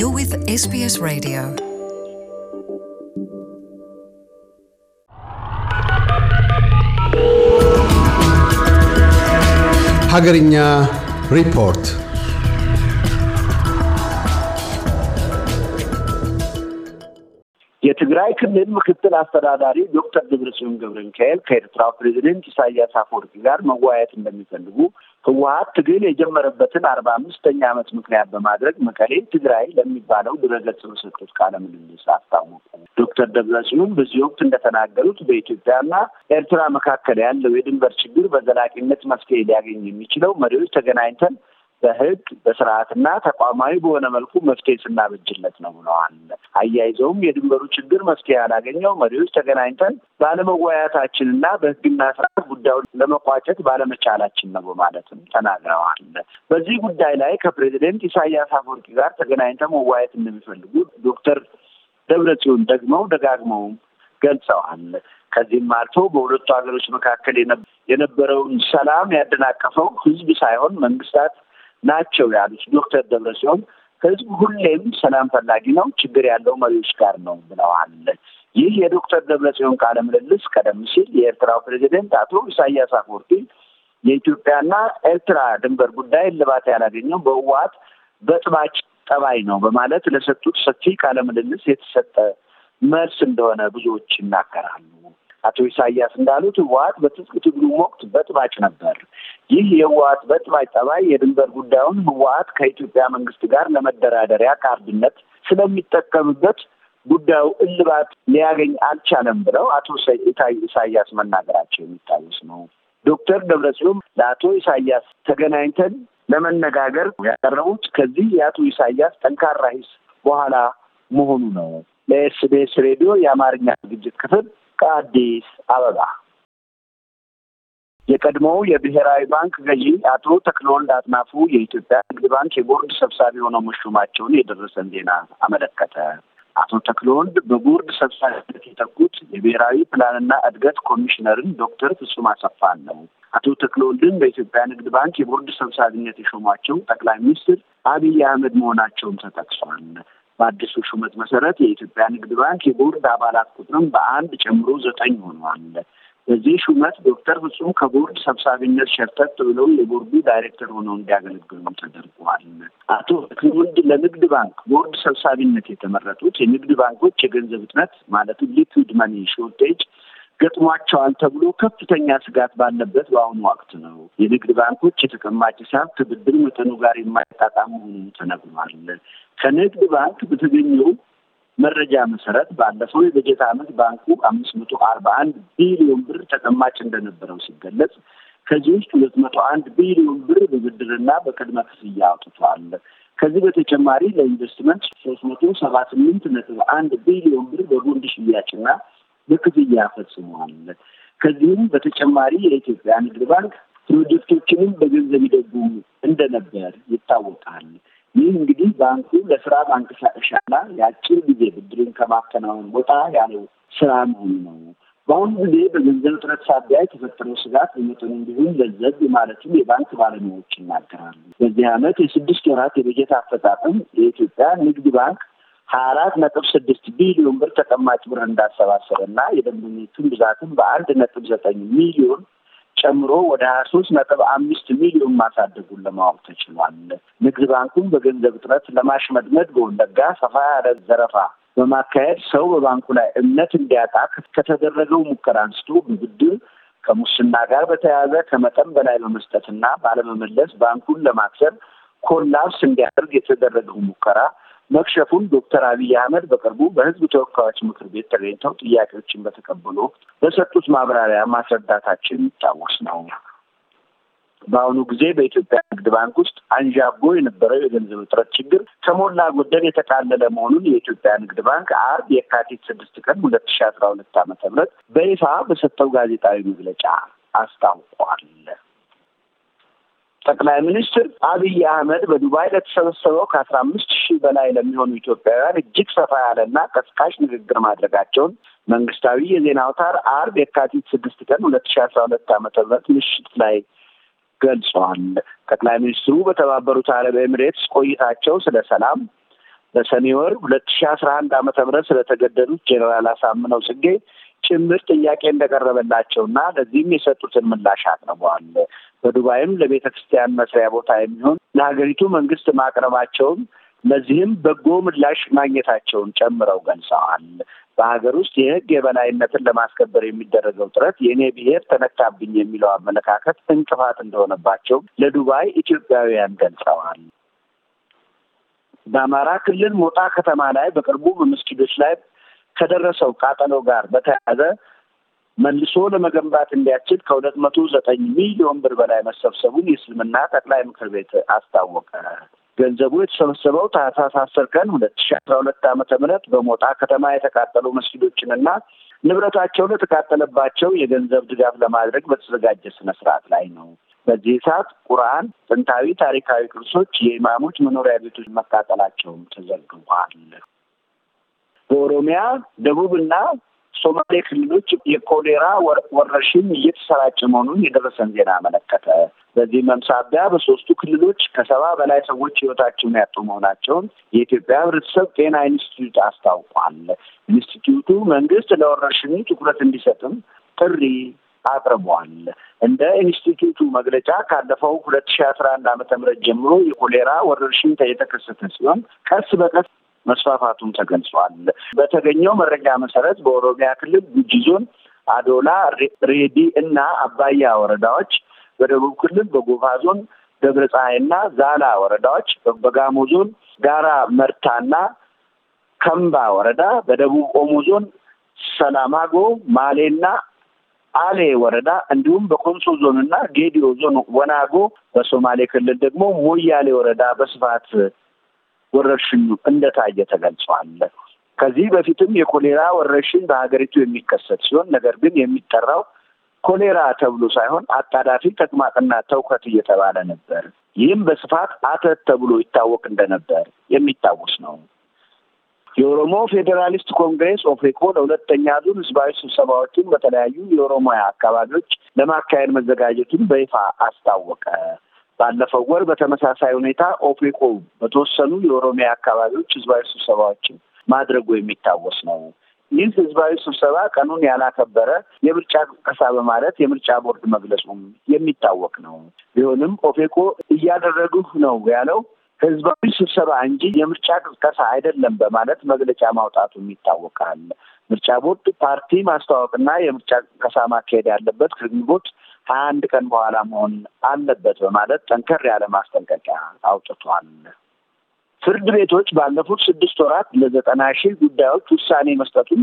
You're with SBS Radio. ሀገርኛ ሪፖርት የትግራይ ክልል ምክትል አስተዳዳሪ ዶክተር ደብረጽዮን ገብረ ሚካኤል ከኤርትራው ፕሬዚደንት ኢሳያስ አፈወርቂ ጋር መወያየት እንደሚፈልጉ ህወሀት ትግል የጀመረበትን አርባ አምስተኛ ዓመት ምክንያት በማድረግ መቀሌ ትግራይ ለሚባለው ድረገጽ በሰጡት ቃለ ምልልስ አስታወቁ። ዶክተር ደብረጽዮን በዚህ ወቅት እንደተናገሩት በኢትዮጵያና ኤርትራ መካከል ያለው የድንበር ችግር በዘላቂነት መፍትሄ ሊያገኝ የሚችለው መሪዎች ተገናኝተን በህግ በስርዓትና ተቋማዊ በሆነ መልኩ መፍትሄ ስናበጅለት ነው ብለዋል። አያይዘውም የድንበሩ ችግር መፍትሄ ያላገኘው መሪዎች ተገናኝተን ባለመወያየታችንና በህግና ስርዓት ጉዳዩን ለመቋጨት ባለመቻላችን ነው በማለትም ተናግረዋል። በዚህ ጉዳይ ላይ ከፕሬዚደንት ኢሳያስ አፈወርቂ ጋር ተገናኝተን መወያየት እንደሚፈልጉ ዶክተር ደብረጽዮን ደግመው ደጋግመው ገልጸዋል። ከዚህም አልፎ በሁለቱ ሀገሮች መካከል የነበረውን ሰላም ያደናቀፈው ህዝብ ሳይሆን መንግስታት ናቸው ያሉት ዶክተር ደብረጽዮን ህዝቡ ሁሌም ሰላም ፈላጊ ነው፣ ችግር ያለው መሪዎች ጋር ነው ብለዋል። ይህ የዶክተር ደብረጽዮን ቃለ ምልልስ ቀደም ሲል የኤርትራው ፕሬዚደንት አቶ ኢሳያስ አፈወርቂ የኢትዮጵያና ኤርትራ ድንበር ጉዳይ እልባት ያላገኘው በህወሓት በጥባጭ ጠባይ ነው በማለት ለሰጡት ሰፊ ቃለ ምልልስ የተሰጠ መልስ እንደሆነ ብዙዎች ይናገራሉ። አቶ ኢሳያስ እንዳሉት ህወሀት በትጥቅ ትግሉ ወቅት በጥባጭ ነበር። ይህ የህወሀት በጥባጭ ጠባይ የድንበር ጉዳዩን ህወሀት ከኢትዮጵያ መንግስት ጋር ለመደራደሪያ ካርድነት ስለሚጠቀምበት ጉዳዩ እልባት ሊያገኝ አልቻለም ብለው አቶ ኢሳያስ መናገራቸው የሚታወስ ነው። ዶክተር ደብረጽዮን ለአቶ ኢሳያስ ተገናኝተን ለመነጋገር ያቀረቡት ከዚህ የአቶ ኢሳያስ ጠንካራ ሂስ በኋላ መሆኑ ነው። ለኤስቢኤስ ሬዲዮ የአማርኛ ዝግጅት ክፍል ከአዲስ አበባ የቀድሞው የብሔራዊ ባንክ ገዢ አቶ ተክለወልድ አጥናፉ የኢትዮጵያ ንግድ ባንክ የቦርድ ሰብሳቢ ሆነው መሾማቸውን የደረሰን ዜና አመለከተ። አቶ ተክለወልድ በቦርድ ሰብሳቢነት የተኩት የብሔራዊ ፕላንና እድገት ኮሚሽነርን ዶክተር ፍጹም አሰፋን ነው። አቶ ተክለወልድን በኢትዮጵያ ንግድ ባንክ የቦርድ ሰብሳቢነት የሾሟቸው ጠቅላይ ሚኒስትር አብይ አህመድ መሆናቸውም ተጠቅሷል። በአዲሱ ሹመት መሰረት የኢትዮጵያ ንግድ ባንክ የቦርድ አባላት ቁጥርም በአንድ ጨምሮ ዘጠኝ ሆኗል። በዚህ ሹመት ዶክተር ፍጹም ከቦርድ ሰብሳቢነት ሸርተት ብለው የቦርዱ ዳይሬክተር ሆነው እንዲያገለግሉ ተደርጓል። አቶ ተክለወልድ ለንግድ ባንክ ቦርድ ሰብሳቢነት የተመረጡት የንግድ ባንኮች የገንዘብ እጥረት ማለትም ሊክዊድ መኒ ሾርቴጅ ገጥሟቸዋል ተብሎ ከፍተኛ ስጋት ባለበት በአሁኑ ወቅት ነው። የንግድ ባንኮች የተቀማጭ ሂሳብ ከብድር መጠኑ ጋር የማይጣጣም መሆኑ ተነግሯል። ከንግድ ባንክ በተገኘው መረጃ መሰረት ባለፈው የበጀት ዓመት ባንኩ አምስት መቶ አርባ አንድ ቢሊዮን ብር ተቀማጭ እንደነበረው ሲገለጽ ከዚህ ውስጥ ሁለት መቶ አንድ ቢሊዮን ብር በብድርና በቅድመ ክፍያ አውጥቷል። ከዚህ በተጨማሪ ለኢንቨስትመንት ሶስት መቶ ሰባ ስምንት ነጥብ አንድ ቢሊዮን ብር በቦንድ ሽያጭና በክፍያ ፈጽሟል። ከዚህም በተጨማሪ የኢትዮጵያ ንግድ ባንክ ፕሮጀክቶችንም በገንዘብ ይደጉም እንደነበር ይታወቃል። ይህ እንግዲህ ባንኩ ለስራ ማንቀሳቀሻና የአጭር ጊዜ ብድርን ከማከናወን ወጣ ያለው ስራ መሆኑ ነው። በአሁኑ ጊዜ በገንዘብ እጥረት ሳቢያ የተፈጠረው ስጋት በመጠኑ እንዲሁም ለዘብ ማለትም የባንክ ባለሙያዎች ይናገራሉ። በዚህ ዓመት የስድስት ወራት የበጀት አፈጻጸም የኢትዮጵያ ንግድ ባንክ ሀያ አራት ነጥብ ስድስት ቢሊዮን ብር ተቀማጭ ብር እንዳሰባሰበ እና የደንበኞቹን ብዛትም በአንድ ነጥብ ዘጠኝ ሚሊዮን ጨምሮ ወደ ሀያ ሶስት ነጥብ አምስት ሚሊዮን ማሳደጉን ለማወቅ ተችሏል። ንግድ ባንኩን በገንዘብ እጥረት ለማሽመድመድ በወለጋ ሰፋ ያለ ዘረፋ በማካሄድ ሰው በባንኩ ላይ እምነት እንዲያጣ ከተደረገው ሙከራ አንስቶ በብድር ከሙስና ጋር በተያያዘ ከመጠን በላይ በመስጠትና ባለመመለስ ባንኩን ለማክሰር ኮላፕስ እንዲያደርግ የተደረገው ሙከራ መክሸፉን ዶክተር አብይ አህመድ በቅርቡ በህዝብ ተወካዮች ምክር ቤት ተገኝተው ጥያቄዎችን በተቀበሉ በሰጡት ማብራሪያ ማስረዳታችን የሚታወስ ነው። በአሁኑ ጊዜ በኢትዮጵያ ንግድ ባንክ ውስጥ አንዣቦ የነበረው የገንዘብ እጥረት ችግር ከሞላ ጎደል የተቃለለ መሆኑን የኢትዮጵያ ንግድ ባንክ አርብ የካቲት ስድስት ቀን ሁለት ሺ አስራ ሁለት ዓመተ ምህረት በይፋ በሰጠው ጋዜጣዊ መግለጫ አስታውቋል። ጠቅላይ ሚኒስትር አብይ አህመድ በዱባይ ለተሰበሰበው ከአስራ አምስት ሺህ በላይ ለሚሆኑ ኢትዮጵያውያን እጅግ ሰፋ ያለና ቀስቃሽ ንግግር ማድረጋቸውን መንግስታዊ የዜና አውታር አርብ የካቲት ስድስት ቀን ሁለት ሺ አስራ ሁለት ዓመተ ምህረት ምሽት ላይ ገልጸዋል። ጠቅላይ ሚኒስትሩ በተባበሩት አረብ ኤምሬትስ ቆይታቸው ስለ ሰላም፣ በሰኔ ወር ሁለት ሺ አስራ አንድ ዓመተ ምህረት ስለተገደሉት ጄኔራል አሳምነው ጽጌ ጭምር ጥያቄ እንደቀረበላቸው እና ለዚህም የሰጡትን ምላሽ አቅርበዋል። በዱባይም ለቤተ ክርስቲያን መስሪያ ቦታ የሚሆን ለሀገሪቱ መንግስት ማቅረባቸውም ለዚህም በጎ ምላሽ ማግኘታቸውን ጨምረው ገልጸዋል። በሀገር ውስጥ የህግ የበላይነትን ለማስከበር የሚደረገው ጥረት የእኔ ብሔር ተነካብኝ የሚለው አመለካከት እንቅፋት እንደሆነባቸው ለዱባይ ኢትዮጵያውያን ገልጸዋል። በአማራ ክልል ሞጣ ከተማ ላይ በቅርቡ በመስጊዶች ላይ ከደረሰው ቃጠሎ ጋር በተያያዘ መልሶ ለመገንባት እንዲያችል ከሁለት መቶ ዘጠኝ ሚሊዮን ብር በላይ መሰብሰቡን የእስልምና ጠቅላይ ምክር ቤት አስታወቀ። ገንዘቡ የተሰበሰበው ታህሳስ አስር ቀን ሁለት ሺ አስራ ሁለት ዓመተ ምህረት በሞጣ ከተማ የተቃጠሉ መስጊዶችንና ንብረታቸው ለተቃጠለባቸው የገንዘብ ድጋፍ ለማድረግ በተዘጋጀ ስነ ስርዓት ላይ ነው። በዚህ ሰዓት ቁርአን፣ ጥንታዊ ታሪካዊ ቅርሶች፣ የኢማሞች መኖሪያ ቤቶች መቃጠላቸውም ተዘግቧል። በኦሮሚያ ደቡብና ሶማሌ ክልሎች የኮሌራ ወረርሽኝ እየተሰራጨ መሆኑን የደረሰን ዜና አመለከተ። በዚህም መምሳቢያ በሶስቱ ክልሎች ከሰባ በላይ ሰዎች ህይወታቸውን ያጡ መሆናቸውን የኢትዮጵያ ህብረተሰብ ጤና ኢንስቲትዩት አስታውቋል። ኢንስቲትዩቱ መንግስት ለወረርሽኙ ትኩረት እንዲሰጥም ጥሪ አቅርቧል። እንደ ኢንስቲትዩቱ መግለጫ ካለፈው ሁለት ሺ አስራ አንድ ዓመተ ምህረት ጀምሮ የኮሌራ ወረርሽኝ የተከሰተ ሲሆን ቀስ በቀስ መስፋፋቱም ተገልጿል። በተገኘው መረጃ መሰረት በኦሮሚያ ክልል ጉጂ ዞን አዶላ፣ ሬዲ እና አባያ ወረዳዎች፣ በደቡብ ክልል በጎፋ ዞን ደብረ ፀሐይና ዛላ ወረዳዎች፣ በጋሞ ዞን ጋራ መርታና ከምባ ወረዳ፣ በደቡብ ኦሞ ዞን ሰላማጎ ማሌና አሌ ወረዳ እንዲሁም በኮንሶ ዞን እና ጌዲዮ ዞን ወናጎ፣ በሶማሌ ክልል ደግሞ ሞያሌ ወረዳ በስፋት ወረርሽኙ እንደታየ ተገልጿል። ከዚህ በፊትም የኮሌራ ወረርሽኝ በሀገሪቱ የሚከሰት ሲሆን ነገር ግን የሚጠራው ኮሌራ ተብሎ ሳይሆን አጣዳፊ ተቅማጥና ተውከት እየተባለ ነበር። ይህም በስፋት አተት ተብሎ ይታወቅ እንደነበር የሚታወስ ነው። የኦሮሞ ፌዴራሊስት ኮንግሬስ ኦፌኮ ለሁለተኛ ዙር ህዝባዊ ስብሰባዎችን በተለያዩ የኦሮሞያ አካባቢዎች ለማካሄድ መዘጋጀቱን በይፋ አስታወቀ። ባለፈው ወር በተመሳሳይ ሁኔታ ኦፌኮ በተወሰኑ የኦሮሚያ አካባቢዎች ህዝባዊ ስብሰባዎችን ማድረጉ የሚታወስ ነው። ይህ ህዝባዊ ስብሰባ ቀኑን ያላከበረ የምርጫ ቅስቀሳ በማለት የምርጫ ቦርድ መግለጹም የሚታወቅ ነው። ቢሆንም ኦፌኮ እያደረግሁ ነው ያለው ህዝባዊ ስብሰባ እንጂ የምርጫ ቅስቀሳ አይደለም በማለት መግለጫ ማውጣቱም ይታወቃል። ምርጫ ቦርድ ፓርቲ ማስተዋወቅና የምርጫ ቅስቀሳ ማካሄድ ያለበት ከግንቦት ከአንድ ቀን በኋላ መሆን አለበት በማለት ጠንከር ያለ ማስጠንቀቂያ አውጥቷል። ፍርድ ቤቶች ባለፉት ስድስት ወራት ለዘጠና ሺህ ጉዳዮች ውሳኔ መስጠቱን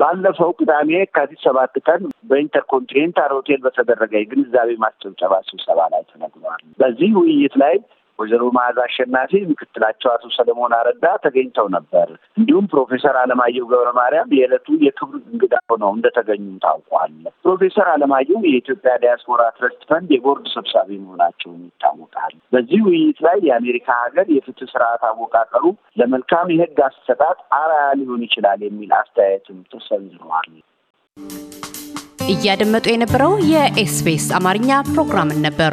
ባለፈው ቅዳሜ የካቲት ሰባት ቀን በኢንተርኮንቲኔንታል ሆቴል በተደረገ የግንዛቤ ማስጨብጨባ ስብሰባ ላይ ተነግሯል። በዚህ ውይይት ላይ ወይዘሮ መዓዝ አሸናፊ፣ ምክትላቸው አቶ ሰለሞን አረዳ ተገኝተው ነበር። እንዲሁም ፕሮፌሰር አለማየሁ ገብረ ማርያም የዕለቱ የክብር እንግዳ ሆነው እንደተገኙ ታውቋል። ፕሮፌሰር አለማየሁ የኢትዮጵያ ዲያስፖራ ትረስት ፈንድ የቦርድ ሰብሳቢ መሆናቸውን ይታወቃል። በዚህ ውይይት ላይ የአሜሪካ ሀገር የፍትህ ስርዓት አወቃቀሩ ለመልካም የህግ አሰጣጥ አርአያ ሊሆን ይችላል የሚል አስተያየትም ተሰንዝረዋል። እያደመጡ የነበረው የኤስቢኤስ አማርኛ ፕሮግራምን ነበር።